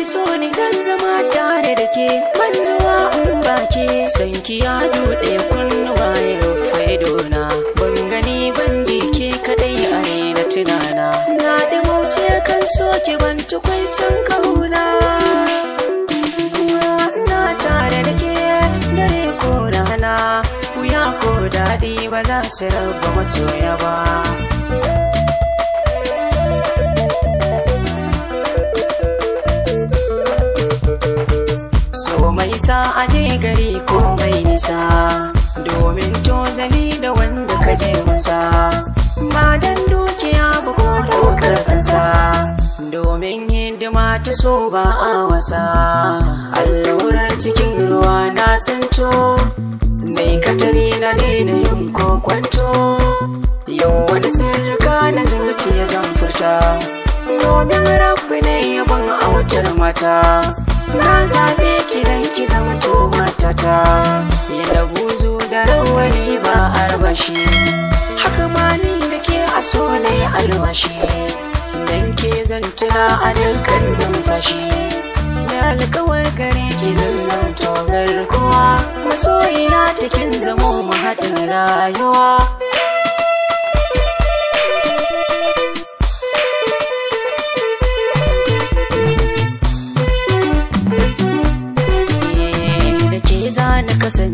ki so ni zan zama tare da ke ban zuwa in baki. ke san ki ya duɗe kunnuwa ya rufai ban gani ban ji ke kadai a na tunana na da mauce kan so ki ban tukwaicen kauna na tare da ke dare ko rana wuya ko daɗi ba za su raba masoya ba sa a je gari ko mai nisa domin to zani da wanda ka je masa ba dan dukiya ba ko dokar kansa domin hidima ta so ba a wasa allura cikin ruwa na santo mai katari na yin ko kwanto yau wani sirrika na zuciya zan furta domin rabbi ne yabon autar mata na zaɓe ki dan ki matata ya da buzu da rawani ba arbashi haka ma ni da ke a so ne albashi dan ke zan tuna a dukkan numfashi na alkawar gare ki zan zamto garkuwa masoyina cikin zamo mu haɗin rayuwa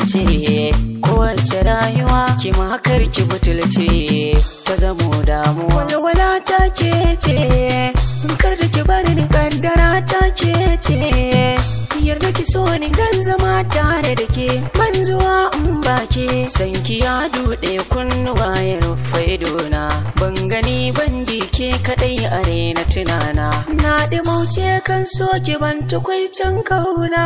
ce kowace rayuwa ki makar ki butulce ta zamo damuwa Wala-wala ta ke ce kar da ki bari ni kaddara ta ke ce yarda ki so ni zan zama tare da ke man zuwa in baki san ki ya dude kunnuwa ya rufe dona ban gani ban ji ke kaɗai a rena tunana na ɗi mauce kan ki ban tukwai can kauna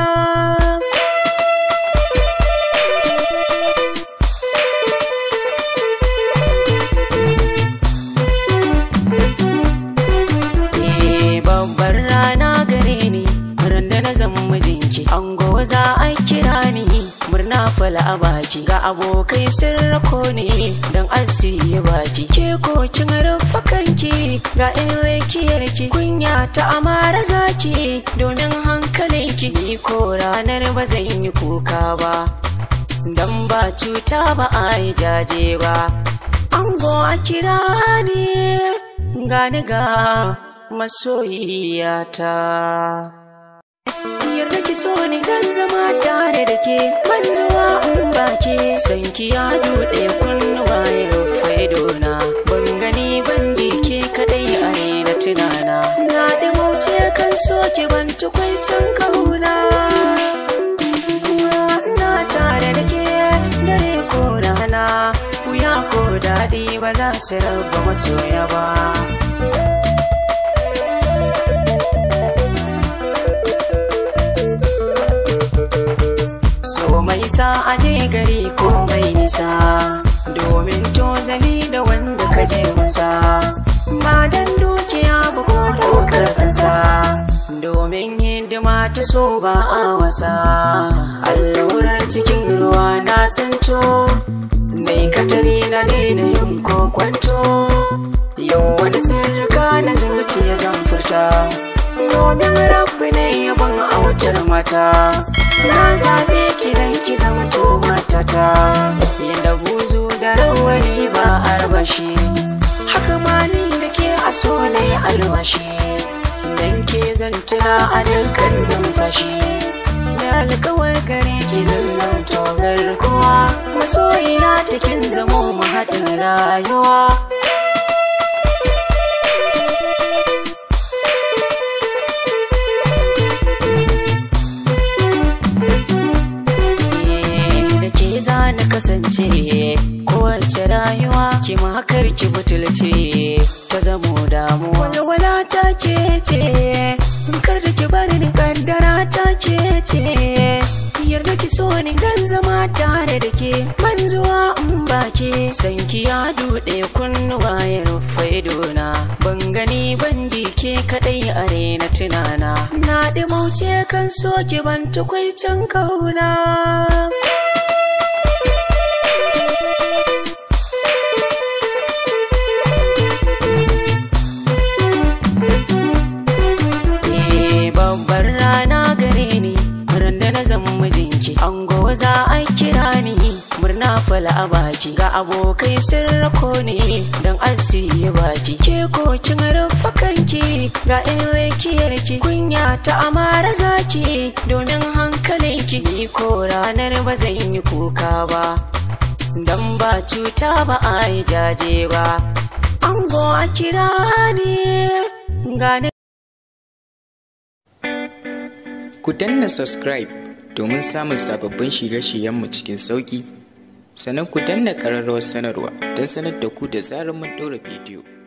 a baki ga abokai sun rako ne don asiye baki ke ko cin rufakanki ga in rakiyarki kunya ta amara zaki domin hankalinki ni ko ranar ba zan yi kuka ba don ba cuta ba a yi jaje ba ango a kira ne gani ga masoyiyata ki so ni zan zama tare da ke ban zuwa in baki. ke san ki ya duɗe kunnuwa ya faido na ban gani ban ji ke kadai a na tunana na da mauce kan so ki ban tukwaicen kauna na tare da ke dare ko rana wuya ko daɗi ba za su raba masoya ba mai sa a je gari ko mai nisa domin to zali da wanda ka je masa ba dan dukiya ba ko dokar kansa domin hidima ta so ba a wasa allura cikin ruwa na santo mai katari na yin ko kwanto yau wani sirrika na zuciya zan furta domin rabbi ne yabon autar mata na zaɓe ki dan ki matata da buzu da rawani ba arbashi haka ma ni da ke a so ne alwashi dan ke zan tuna a dukkan numfashi da alkawar gare ki zan zamto kuwa, masoyina takin zamo mu haɗin rayuwa ce kowace rayuwa ki makar ki butulce ta zamo damuwa walwala ta ke ce kar da ki bari ni kaddara ta ke ce da ki so ni zan zama tare da ke man zuwa in baki san ki ya dude kunnuwa ya rufe dona ban gani ban ji ke kaɗai a na tunana na ɗi mauce kan ki ban tukwai can kauna za a kira ni murna fala a baki ga abokai sun rako ni don asiye baki ke ko rufa kanki ga in ki kunya ta amara zaki domin hankalinki ni ko ranar ba zan yi kuka ba don ba cuta ba a yi jaje ba ango a kira ne gane ku danna subscribe domin samun sababbin shirye-shiryenmu cikin sauƙi. Sannan ku danna ƙararrawar sanarwa don sanar da ku da zarar mun ɗora bidiyo.